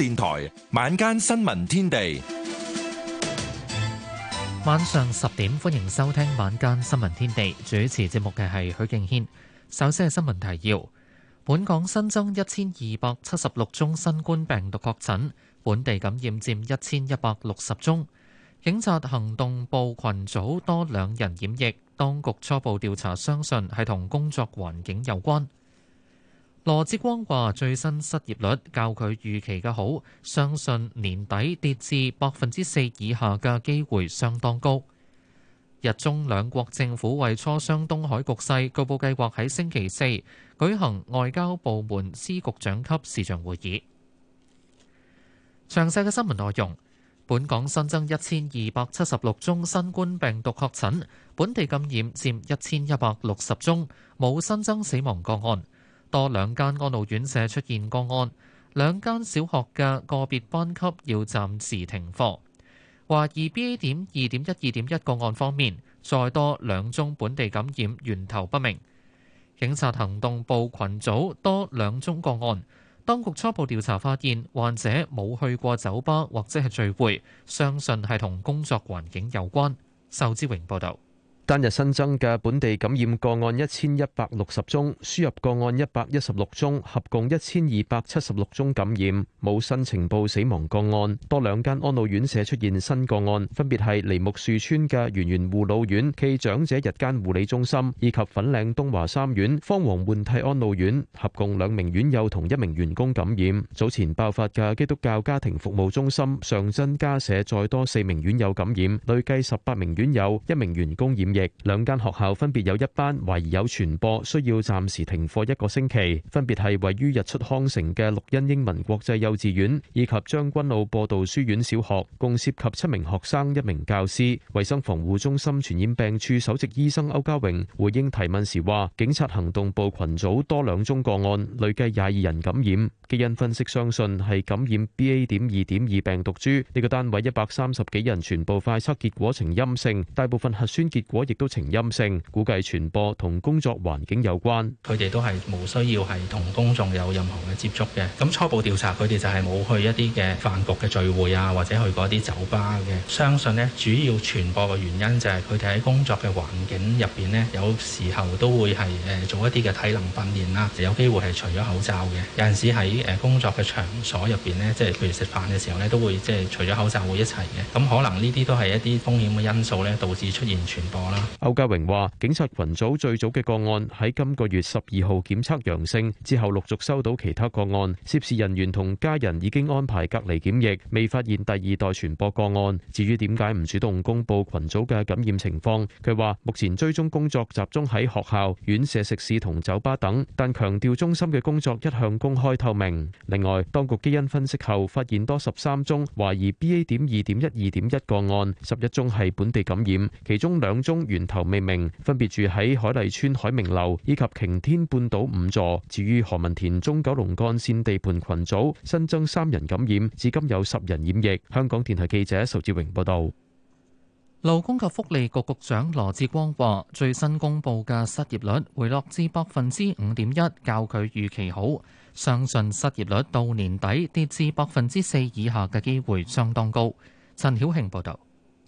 電台晚間新聞天地，晚上十點歡迎收聽晚間新聞天地。主持節目嘅係許敬軒。首先係新聞提要，本港新增一千二百七十六宗新冠病毒確診，本地感染佔一千一百六十宗。警察行動部群組多兩人染疫，當局初步調查相信係同工作環境有關。羅志光話：最新失業率較佢預期嘅好，相信年底跌至百分之四以下嘅機會相當高。日中兩國政府為磋商東海局勢，據報計劃喺星期四舉行外交部門司局長級視像會議。詳細嘅新聞內容，本港新增一千二百七十六宗新冠病毒確診，本地感染佔一千一百六十宗，冇新增死亡個案。多兩間安老院舍出現個案，兩間小學嘅個別班級要暫時停課。懷疑 BA 點二點一二點一個案方面，再多兩宗本地感染源頭不明。警察行動部群組多兩宗個案，當局初步調查發現患者冇去過酒吧或者係聚會，相信係同工作環境有關。壽之榮報道。單日新增嘅本地感染個案一千一百六十宗，輸入個案一百一十六宗，合共一千二百七十六宗感染，冇新情報死亡個案。多兩間安老院舍出現新個案，分別係梨木樹村嘅圓圓護老院暨長者日間護理中心，以及粉嶺東華三院方黃換替安老院，合共兩名院友同一名員工感染。早前爆發嘅基督教家庭服務中心上真家舍再多四名院友感染，累計十八名院友，一名員工染疫。兩間學校分別有一班懷疑有傳播，需要暫時停課一個星期。分別係位於日出康城嘅綠茵英文國際幼稚園，以及將軍澳播道書院小學，共涉及七名學生、一名教師。衛生防護中心傳染病處首席醫生歐家榮回應提問時話，警察行動部群組多兩宗個案，累計廿二人感染。基因分析相信係感染 BA. 點二點二病毒株。呢個單位一百三十幾人全部快測結果呈陰性，大部分核酸結果。亦都呈陰性，估計傳播同工作環境有關，佢哋都係冇需要係同公眾有任何嘅接觸嘅。咁初步調查，佢哋就係冇去一啲嘅飯局嘅聚會啊，或者去嗰啲酒吧嘅。相信咧，主要傳播嘅原因就係佢哋喺工作嘅環境入邊咧，有時候都會係誒做一啲嘅體能訓練啦，就有機會係除咗口罩嘅。有陣時喺誒工作嘅場所入邊咧，即係譬如食飯嘅時候咧，都會即係除咗口罩會一齊嘅。咁可能呢啲都係一啲風險嘅因素咧，導致出現傳播。歐家榮話，警察群組最早嘅個案喺今個月十二號檢測陽性，之後陸續收到其他個案，涉事人員同家人已經安排隔離檢疫，未發現第二代傳播個案。至於點解唔主動公佈群組嘅感染情況，佢話目前追蹤工作集中喺學校、院舍、食肆同酒吧等，但強調中心嘅工作一向公開透明。另外，當局基因分析後發現多十三宗懷疑 BA 點二點一二點一個案，十一宗係本地感染，其中兩宗。源頭未明，分別住喺海麗邨、海明樓以及擎天半島五座。至於何文田中九龍幹線地盤群組新增三人感染，至今有十人染疫。香港電台記者仇志榮報道。勞工及福利局局長羅志光話：最新公布嘅失業率回落至百分之五點一，較佢預期好。相信失業率到年底跌至百分之四以下嘅機會相當高。陳曉慶報道。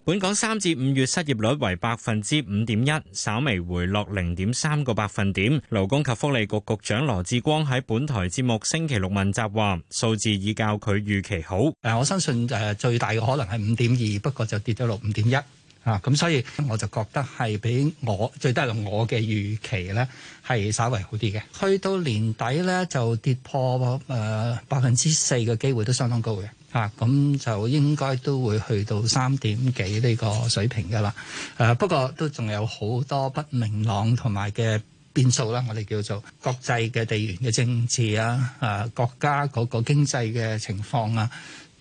本港三至五月失業率為百分之五點一，稍微回落零點三個百分點。勞工及福利局局、局長羅致光喺本台節目星期六問責話，數字已較佢預期好。誒，我相信誒最大嘅可能係五點二，不過就跌咗落五點一啊。咁所以我就覺得係比我最低嘅我嘅預期咧係稍為好啲嘅。去到年底咧就跌破誒百分之四嘅機會都相當高嘅。啊，咁就應該都會去到三點幾呢個水平噶啦。誒、啊，不過都仲有好多不明朗同埋嘅變數啦。我哋叫做國際嘅地緣嘅政治啊，誒、啊、國家嗰個經濟嘅情況啊。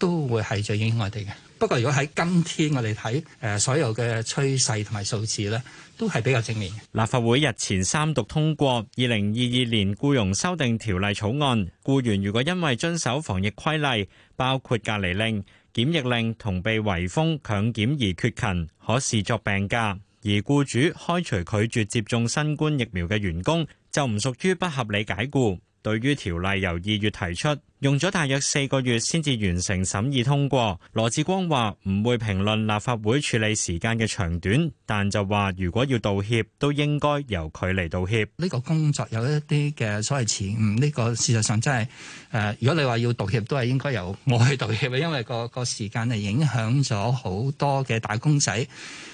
都會係最影響我哋嘅。不過，如果喺今天我哋睇誒所有嘅趨勢同埋數字咧，都係比較正面嘅。立法會日前三讀通過《二零二二年僱傭修訂條例草案》，僱員如果因為遵守防疫規例，包括隔離令、檢疫令同被圍封強檢而缺勤，可視作病假；而僱主開除拒絕接種新冠疫苗嘅員工，就唔屬於不合理解僱。對於條例由二月提出，用咗大約四個月先至完成審議通過。羅致光話：唔會評論立法會處理時間嘅長短，但就話如果要道歉，都應該由佢嚟道歉。呢個工作有一啲嘅所謂遲誤，呢、這個事實上真係誒、呃。如果你話要道歉，都係應該由我去道歉，因為個個時間係影響咗好多嘅打工仔。誒、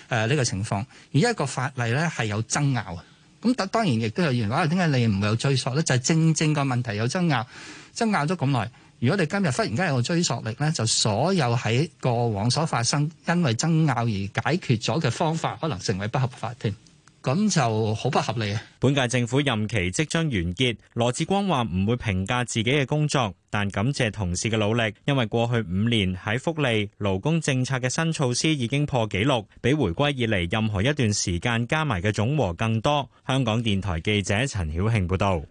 呃、呢、這個情況而家一個法例咧係有爭拗。咁當然亦都有原因，話點解你唔會有追溯咧？就係、是、正正個問題有爭拗，爭拗咗咁耐。如果你今日忽然間有追溯力咧，就所有喺過往所發生因為爭拗而解決咗嘅方法，可能成為不合法添。咁就好不合理啊！本屆政府任期即將完結，羅志光話唔會評價自己嘅工作，但感謝同事嘅努力，因為過去五年喺福利、勞工政策嘅新措施已經破紀錄，比回歸以嚟任何一段時間加埋嘅總和更多。香港電台記者陳曉慶報導。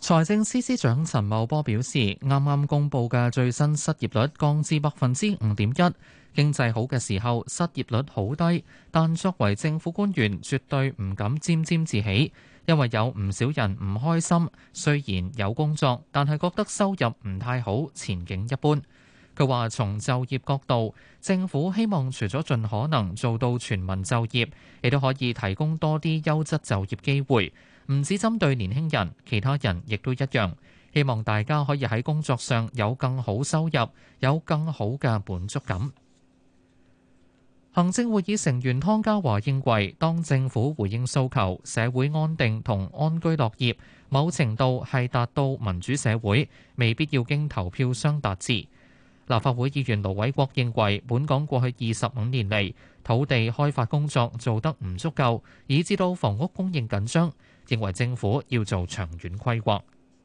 財政司司長陳茂波表示，啱啱公布嘅最新失業率降至百分之五點一。經濟好嘅時候，失業率好低，但作為政府官員，絕對唔敢沾沾自喜，因為有唔少人唔開心。雖然有工作，但係覺得收入唔太好，前景一般。佢話，從就業角度，政府希望除咗盡可能做到全民就業，亦都可以提供多啲優質就業機會。唔止針對年輕人，其他人亦都一樣。希望大家可以喺工作上有更好收入，有更好嘅滿足感。行政會議成員湯家驊認為，當政府回應訴求，社會安定同安居樂業，某程度係達到民主社會，未必要經投票相達致。立法會議員盧偉國認為，本港過去二十五年嚟土地開發工作做得唔足夠，以致到房屋供應緊張。認為政府要做長遠規劃。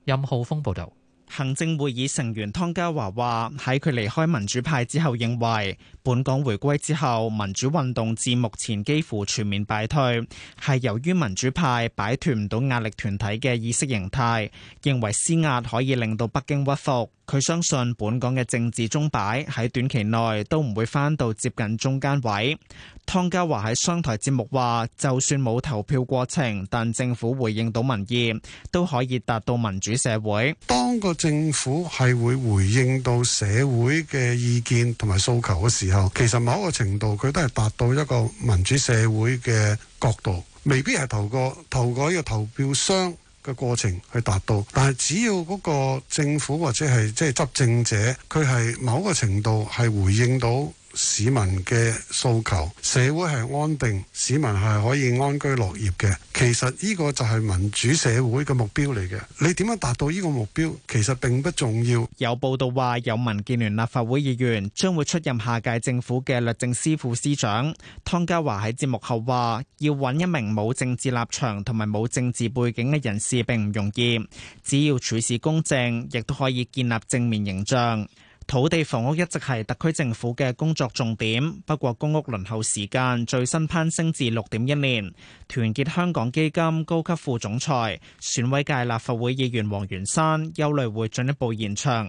任浩峰報導。行政會議成員湯家驊話：喺佢離開民主派之後，認為本港回歸之後民主運動至目前幾乎全面敗退，係由於民主派擺脫唔到壓力團體嘅意識形態，認為施壓可以令到北京屈服。佢相信本港嘅政治鐘擺喺短期內都唔會翻到接近中間位。湯家驊喺商台節目話：就算冇投票過程，但政府回應到民意，都可以達到民主社會。當個政府係會回應到社會嘅意見同埋訴求嘅時候，其實某一個程度佢都係達到一個民主社會嘅角度，未必係投過投過一個投票箱嘅過程去達到，但係只要嗰個政府或者係即係執政者，佢係某個程度係回應到市民嘅訴求，社會係安定，市民係可以安居樂業嘅。其實呢個就係民主社會嘅目標嚟嘅。你點樣達到呢個目標，其實並不重要。有報道話，有民建聯立法會議員將會出任下屆政府嘅律政司副司長。湯家驊喺節目後話：要搵一名冇政治立場同埋冇政治背景嘅人士並唔容易，只要處事公正，亦都可以建立正面形象。土地房屋一直係特區政府嘅工作重點，不過公屋輪候時間最新攀升至六點一年。團結香港基金高級副總裁、選委界立法會議員黃元山憂慮會進一步延長。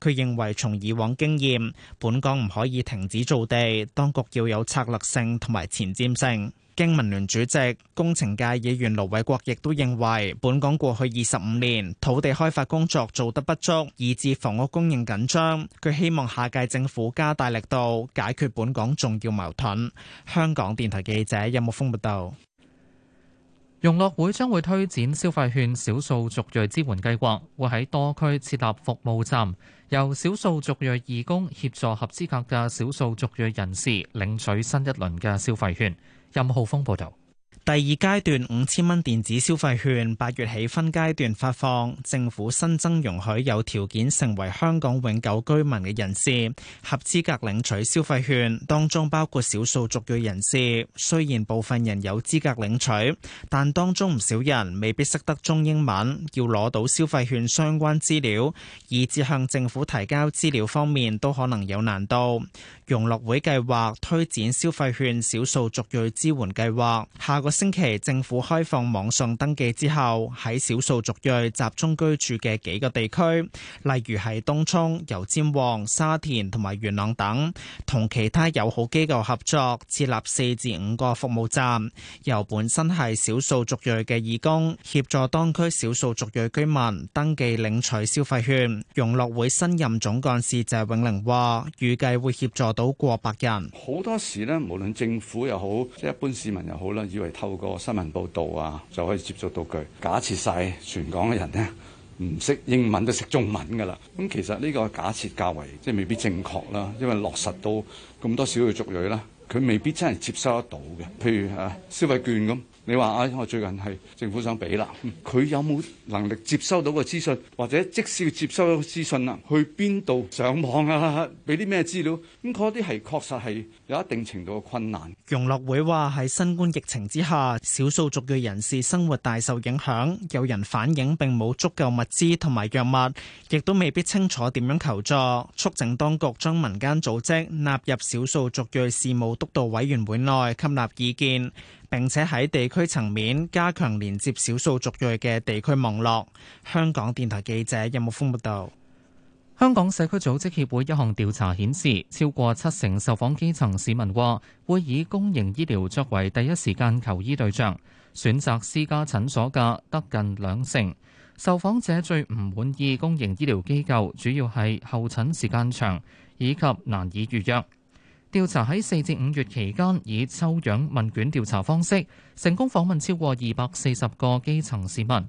佢認為從以往經驗，本港唔可以停止造地，當局要有策略性同埋前瞻性。經民聯主席、工程界議員盧偉國亦都認為，本港過去二十五年土地開發工作做得不足，以致房屋供應緊張。佢希望下屆政府加大力度解決本港重要矛盾。香港電台記者任木峰報道。融樂會將會推展消費券少數族裔支援計劃，會喺多區設立服務站，由少數族裔義工協助合資格嘅少數族裔人士領取新一輪嘅消費券。任浩峰報道。第二階段五千蚊電子消費券八月起分階段發放，政府新增容許有條件成為香港永久居民嘅人士合資格領取消費券，當中包括少數族裔人士。雖然部分人有資格領取，但當中唔少人未必識得中英文，要攞到消費券相關資料，以至向政府提交資料方面都可能有難度。融樂會計劃推展消費券少數族裔支援計劃，下個。星期政府開放網上登記之後，喺少數族裔集中居住嘅幾個地區，例如係東涌、油尖旺、沙田同埋元朗等，同其他友好機構合作設立四至五個服務站，由本身係少數族裔嘅義工協助當區少數族裔居民登記領取消費券。融樂會新任總幹事謝永玲話預計會協助到過百人。好多時咧，無論政府又好，即係一般市民又好啦，以為。透過新聞報道啊，就可以接觸到佢。假設晒全港嘅人咧，唔識英文都識中文噶啦。咁、嗯、其實呢個假設較為即係未必正確啦，因為落實到咁多小嘅族裔啦，佢未必真係接收得到嘅。譬如誒、啊、消費券咁，你話啊、哎，我最近係政府想俾啦，佢、嗯、有冇能力接收到個資訊，或者即使接收到個資訊啊，去邊度上網啊，俾啲咩資料？咁嗰啲係確實係有一定程度嘅困難。容樂會話喺新冠疫情之下，少數族裔人士生活大受影響，有人反映並冇足夠物資同埋藥物，亦都未必清楚點樣求助。促請當局將民間組織納入少數族裔事務督導委員會內吸納意見，並且喺地區層面加強連接少數族裔嘅地區網絡。香港電台記者任木峰報道。香港社區組織協會一項調查顯示，超過七成受訪基層市民話會以公營醫療作為第一時間求醫對象，選擇私家診所嘅得近兩成。受訪者最唔滿意公營醫療機構，主要係候診時間長以及難以預約。調查喺四至五月期間，以抽樣問卷調查方式，成功訪問超過二百四十個基層市民。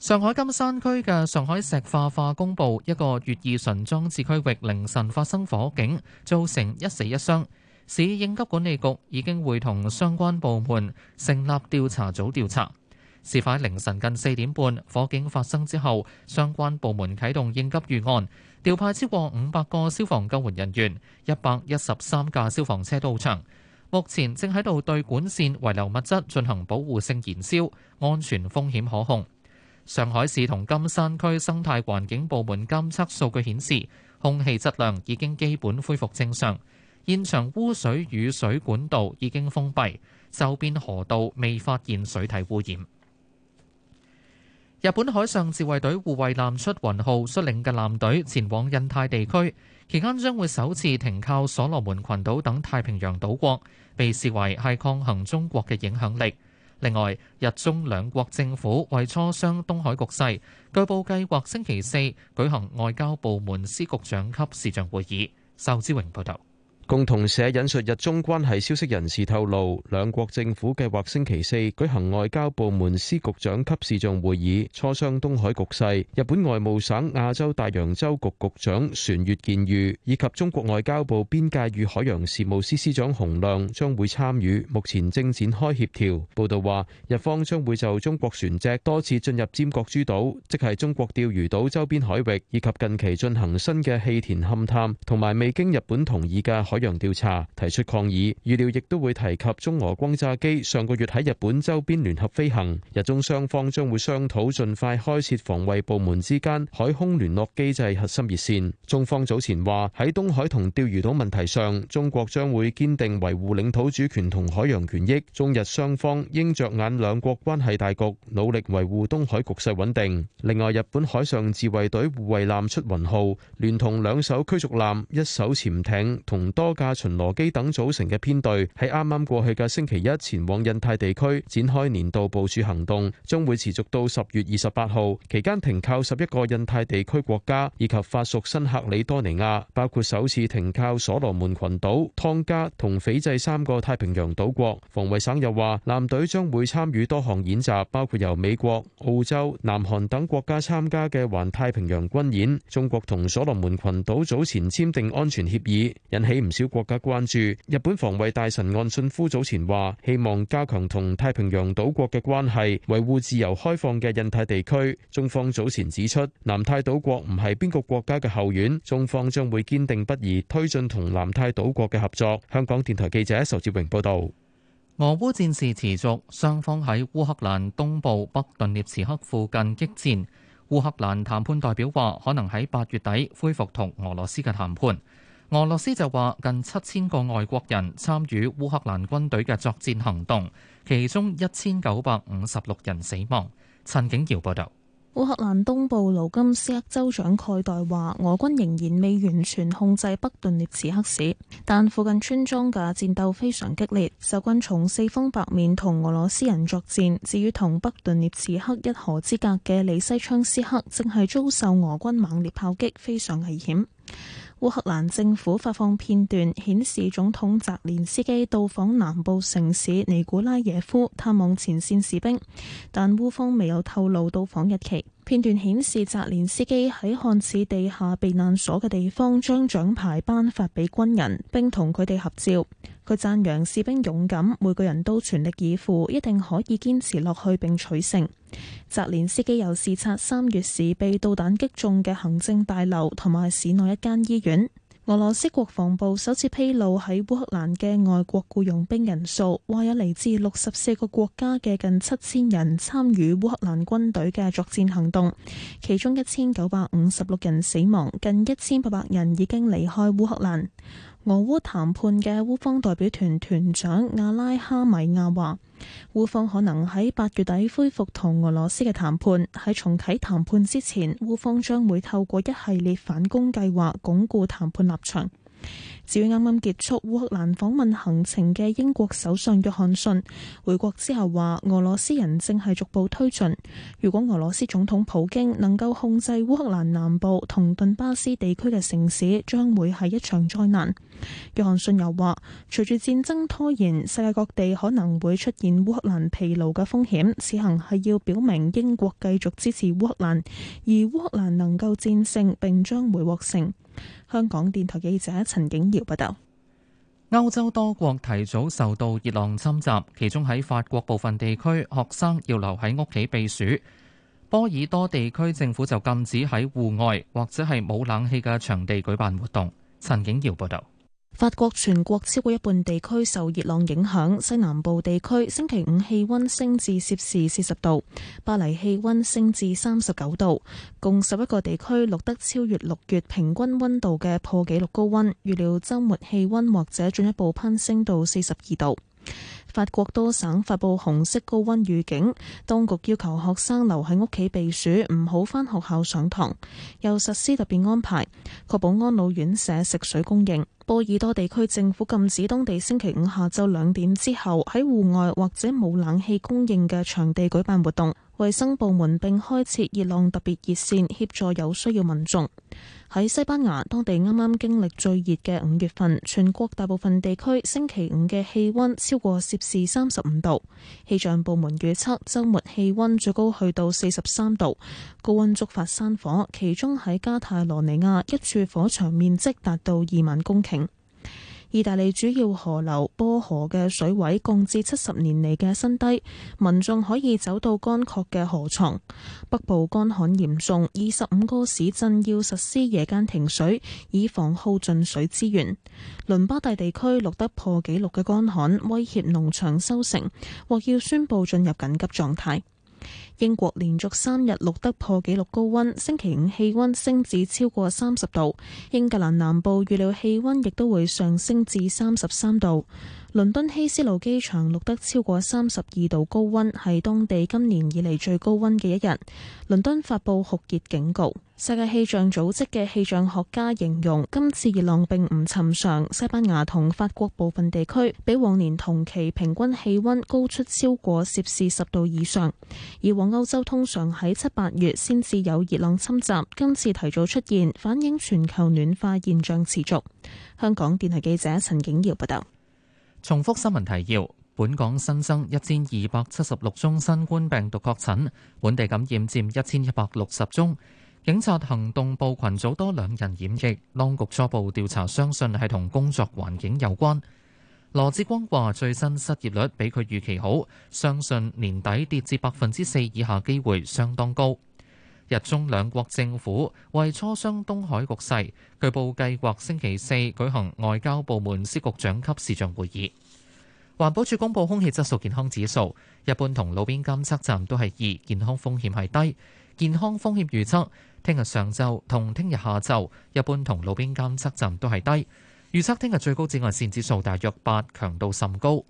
上海金山區嘅上海石化化工部一個乙二醇裝置區域凌晨發生火警，造成一死一傷。市應急管理局已經會同相關部門成立調查組調查。事發凌晨近四點半，火警發生之後，相關部門啟動應急預案，調派超過五百個消防救援人員、一百一十三架消防車到場。目前正喺度對管線遺留物質進行保護性燃燒，安全風險可控。上海市同金山區生態環境部門監測數據顯示，空氣質量已經基本恢復正常。現場污水雨水管道已經封閉，周邊河道未發現水體污染。日本海上自衛隊護衛艦出雲號率領嘅艦隊前往印太地區，期間將會首次停靠所羅門群島等太平洋島國，被視為係抗衡中國嘅影響力。另外，日中兩國政府為磋商東海局勢，據報計劃星期四舉行外交部門司局長級視像會議。仇志榮報導。共同社引述日中關係消息人士透露，兩國政府計劃星期四舉行外交部門司局長級視像會議，磋商東海局勢。日本外務省亞洲大洋洲局局長船越健裕，以及中國外交部邊界與海洋事務司司長洪亮將會參與，目前正展開協調。報導話，日方將會就中國船隻多次進入尖閣諸島，即係中國釣魚島周邊海域，以及近期進行新嘅氣田勘探同埋未經日本同意嘅海海洋調查提出抗議，預料亦都會提及中俄轟炸機上個月喺日本周邊聯合飛行。日中雙方將會商討盡快開設防衛部門之間海空聯絡機制核心熱線。中方早前話喺東海同釣魚島問題上，中國將會堅定維護領土主權同海洋權益。中日雙方應着眼兩國關係大局，努力維護東海局勢穩定。另外，日本海上自衛隊護衛艦出雲號，聯同兩艘驅逐艦、一艘潛艇同多多架巡邏機等組成嘅編隊，喺啱啱過去嘅星期一前往印太地區展開年度部署行動，將會持續到十月二十八號，期間停靠十一個印太地區國家以及法屬新喀里多尼亞，包括首次停靠所羅門群島、湯加同斐濟三個太平洋島國。防衛省又話，艦隊將會參與多項演習，包括由美國、澳洲、南韓等國家參加嘅環太平洋軍演。中國同所羅門群島早前簽訂安全協議，引起唔少。少國家關注。日本防衛大臣岸信夫早前話，希望加強同太平洋島國嘅關係，維護自由開放嘅印太地區。中方早前指出，南太島國唔係邊個國家嘅後院，中方將會堅定不移推進同南太島國嘅合作。香港電台記者仇志榮報道。俄烏戰事持續，雙方喺烏克蘭東部北頓涅茨克附近激戰。烏克蘭談判代表話，可能喺八月底恢復同俄羅斯嘅談判。俄羅斯就話，近七千個外國人參與烏克蘭軍隊嘅作戰行動，其中一千九百五十六人死亡。陳景堯報道，烏克蘭東部盧甘斯克州長蓋代話，俄軍仍然未完全控制北頓涅茨克市，但附近村莊嘅戰鬥非常激烈，守軍從四方八面同俄羅斯人作戰。至於同北頓涅茨克一河之隔嘅里西昌斯克，正係遭受俄軍猛烈炮擊，非常危險。烏克蘭政府發放片段顯示，總統澤連斯基到訪南部城市尼古拉耶夫探望前綫士兵，但烏方未有透露到訪日期。片段顯示，澤連斯基喺看似地下避難所嘅地方，將獎牌頒發俾軍人，並同佢哋合照。佢讚揚士兵勇敢，每個人都全力以赴，一定可以堅持落去並取勝。澤連斯基又視察三月時被導彈擊中嘅行政大樓同埋市內一間醫院。俄羅斯國防部首次披露喺烏克蘭嘅外國僱傭兵人數，話有嚟自六十四個國家嘅近七千人參與烏克蘭軍隊嘅作戰行動，其中一千九百五十六人死亡，近一千八百人已經離開烏克蘭。俄烏談判嘅烏方代表團團長阿拉哈米亞話，烏方可能喺八月底恢復同俄羅斯嘅談判。喺重啟談判之前，烏方將會透過一系列反攻計劃鞏固談判立場。至於啱啱結束烏克蘭訪問行程嘅英國首相約翰遜回國之後話：俄羅斯人正係逐步推進，如果俄羅斯總統普京能夠控制烏克蘭南部同頓巴斯地區嘅城市，將會係一場災難。約翰遜又話：隨住戰爭拖延，世界各地可能會出現烏克蘭疲勞嘅風險。此行係要表明英國繼續支持烏克蘭，而烏克蘭能夠戰勝並將會獲勝。香港電台記者陳景業。報歐洲多國提早受到熱浪侵襲，其中喺法國部分地區，學生要留喺屋企避暑。波爾多地區政府就禁止喺戶外或者係冇冷氣嘅場地舉辦活動。陳景堯報道。法國全國超過一半地區受熱浪影響，西南部地區星期五氣溫升至攝氏四十度，巴黎氣溫升至三十九度，共十一個地區錄得超越六月平均温度嘅破紀錄高温。預料周末氣溫或者進一步攀升到四十二度。法國多省發布紅色高温預警，當局要求學生留喺屋企避暑，唔好返學校上堂，又實施特別安排，確保安老院舍食水供應。波爾多地區政府禁止當地星期五下晝兩點之後喺戶外或者冇冷氣供應嘅場地舉辦活動。衛生部門並開設熱浪特別熱線，協助有需要民眾。喺西班牙，當地啱啱經歷最熱嘅五月份，全國大部分地區星期五嘅氣溫超過攝氏三十五度。氣象部門預測周末氣溫最高去到四十三度，高溫觸發山火，其中喺加泰羅尼亞，一處火場面積達到二萬公頃。意大利主要河流波河嘅水位降至七十年嚟嘅新低，民眾可以走到乾涸嘅河床。北部乾旱嚴重，二十五個市鎮要實施夜間停水，以防耗盡水資源。倫巴第地區錄得破紀錄嘅乾旱，威脅農場收成，或要宣布進入緊急狀態。英國連續三日錄得破紀錄高温，星期五氣溫升至超過三十度。英格蘭南部預料氣溫亦都會上升至三十三度。倫敦希斯路機場錄得超過三十二度高溫，係當地今年以嚟最高溫嘅一日。倫敦發布酷熱警告。世界氣象組織嘅氣象學家形容，今次熱浪並唔尋常。西班牙同法國部分地區比往年同期平均氣溫高出超過攝氏十度以上。以往歐洲通常喺七八月先至有熱浪侵襲，今次提早出現，反映全球暖化現象持續。香港電台記者陳景瑤報道。重複新聞提要：本港新增一千二百七十六宗新冠病毒確診，本地感染佔一千一百六十宗。警察行動部群組多兩人染疫，當局初步調查相信係同工作環境有關。羅志光話：最新失業率比佢預期好，相信年底跌至百分之四以下機會相當高。日中兩國政府為磋商東海局勢，據報計劃星期四舉行外交部門司局長級視像會議。環保署公布空氣質素健康指數，一般同路邊監測站都係二，健康風險係低。健康風險預測，聽日上晝同聽日下晝，一般同路邊監測站都係低。預測聽日最高紫外線指數大約八，強度甚高。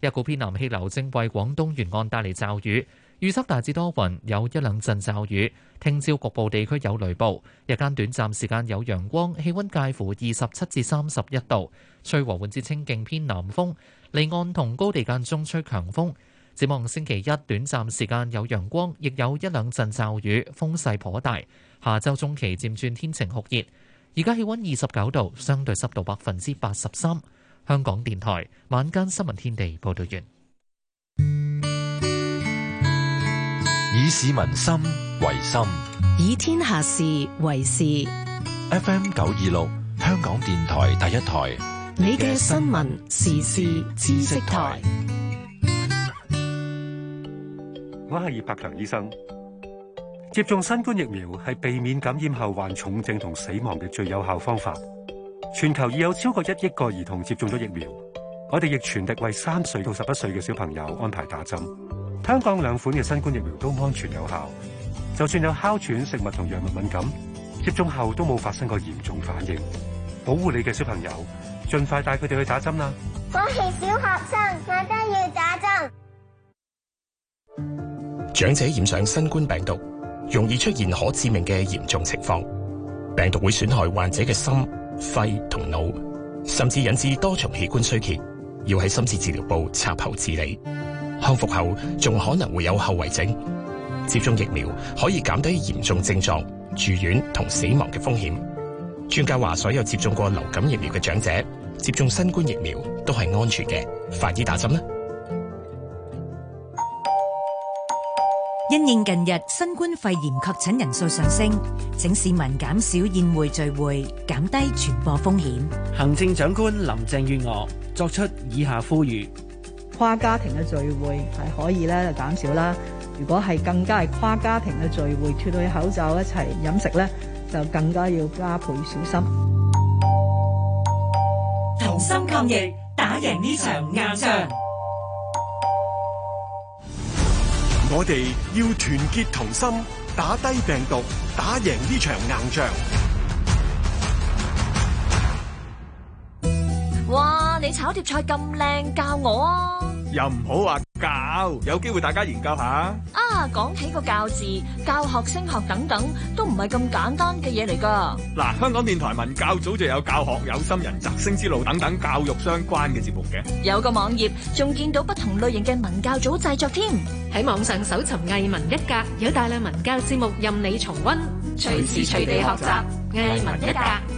一股偏南氣流正為廣東沿岸帶嚟驟雨。預測大致多雲，有一兩陣驟雨。聽朝局部地區有雷暴，日間短暫時間有陽光，氣溫介乎二十七至三十一度，吹和緩至清勁偏南風。離岸同高地間中吹強風。展望星期一，短暫時間有陽光，亦有一兩陣驟、驟雨，風勢頗大。下周中期漸轉天晴酷熱。而家氣溫二十九度，相對濕度百分之八十三。香港電台晚間新聞天地報道完。以市民心為心，以天下事為事。FM 九二六，香港電台第一台。你嘅新聞時事知識台。我係葉柏強醫生。接種新冠疫苗係避免感染後患重症同死亡嘅最有效方法。全球已有超過一億個兒童接種咗疫苗。我哋亦全力為三歲到十一歲嘅小朋友安排打針。香港兩款嘅新冠疫苗都安全有效，就算有哮喘、食物同藥物敏感，接種後都冇發生過嚴重反應。保護你嘅小朋友，盡快帶佢哋去打針啦！我係小學生，我都要打針。長者染上新冠病毒，容易出現可致命嘅嚴重情況，病毒會損害患者嘅心、肺同腦，甚至引致多重器官衰竭，要喺深切治療部插喉治理。康復後仲可能會有後遺症，接種疫苗，可以減低嚴重症狀、住院同死亡嘅風險。專家話，所有接種過流感疫苗嘅長者接種新冠疫苗都係安全嘅。快啲打針啦！因應近日新冠肺炎確診人數上升，請市民減少宴會聚會，減低傳播風險。行政長官林鄭月娥作出以下呼籲。跨家庭嘅聚會係可以咧減少啦。如果係更加係跨家庭嘅聚會，脫去口罩一齊飲食咧，就更加要加倍小心。同心抗疫，打贏呢場硬仗。 我哋要團結同心，打低病毒，打贏呢場硬仗。你炒碟菜咁靚，教我啊！又唔好話教，有機會大家研究下。啊，講起個教字，教學、升學等等，都唔係咁簡單嘅嘢嚟噶。嗱，香港電台文教組就有教學、有心人擇生之路等等教育相關嘅節目嘅。有個網頁仲見到不同類型嘅文教組製作添，喺網上搜尋藝文一格，有大量文教節目任你重溫，隨時隨地學習藝文一格。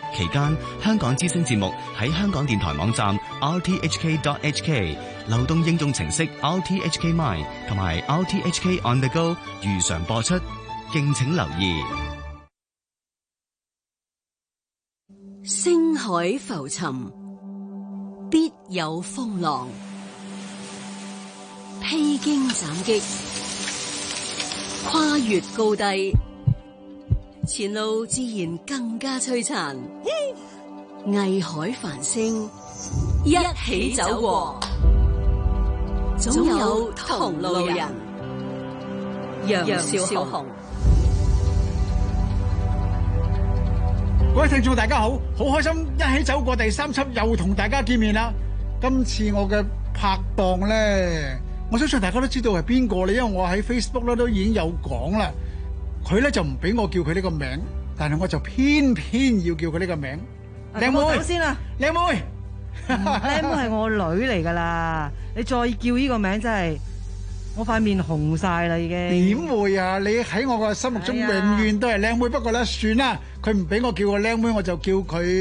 期間，香港之聲節目喺香港電台網站 rthk.hk、流動應用程式 rthk mine 同埋 rthk on the go 如常播出，敬請留意。星海浮沉，必有風浪；披荊斬棘，跨越高低。前路自然更加璀璨，藝 海繁星一起走過，總有同路人，楊 少紅。各位聽眾大家好，好開心一起走過第三輯，又同大家見面啦。今次我嘅拍檔咧，我相信大家都知道係邊個啦，因為我喺 Facebook 咧都已經有講啦。佢咧就唔俾我叫佢呢個名，但係我就偏偏要叫佢呢個名。靚妹走先啦，靚妹，靚妹係我女嚟噶啦。你再叫呢個名真係我塊面紅晒啦已經。點會啊？你喺我個心目中永遠都係靚妹。不過咧，算啦，佢唔俾我叫個靚妹，我就叫佢。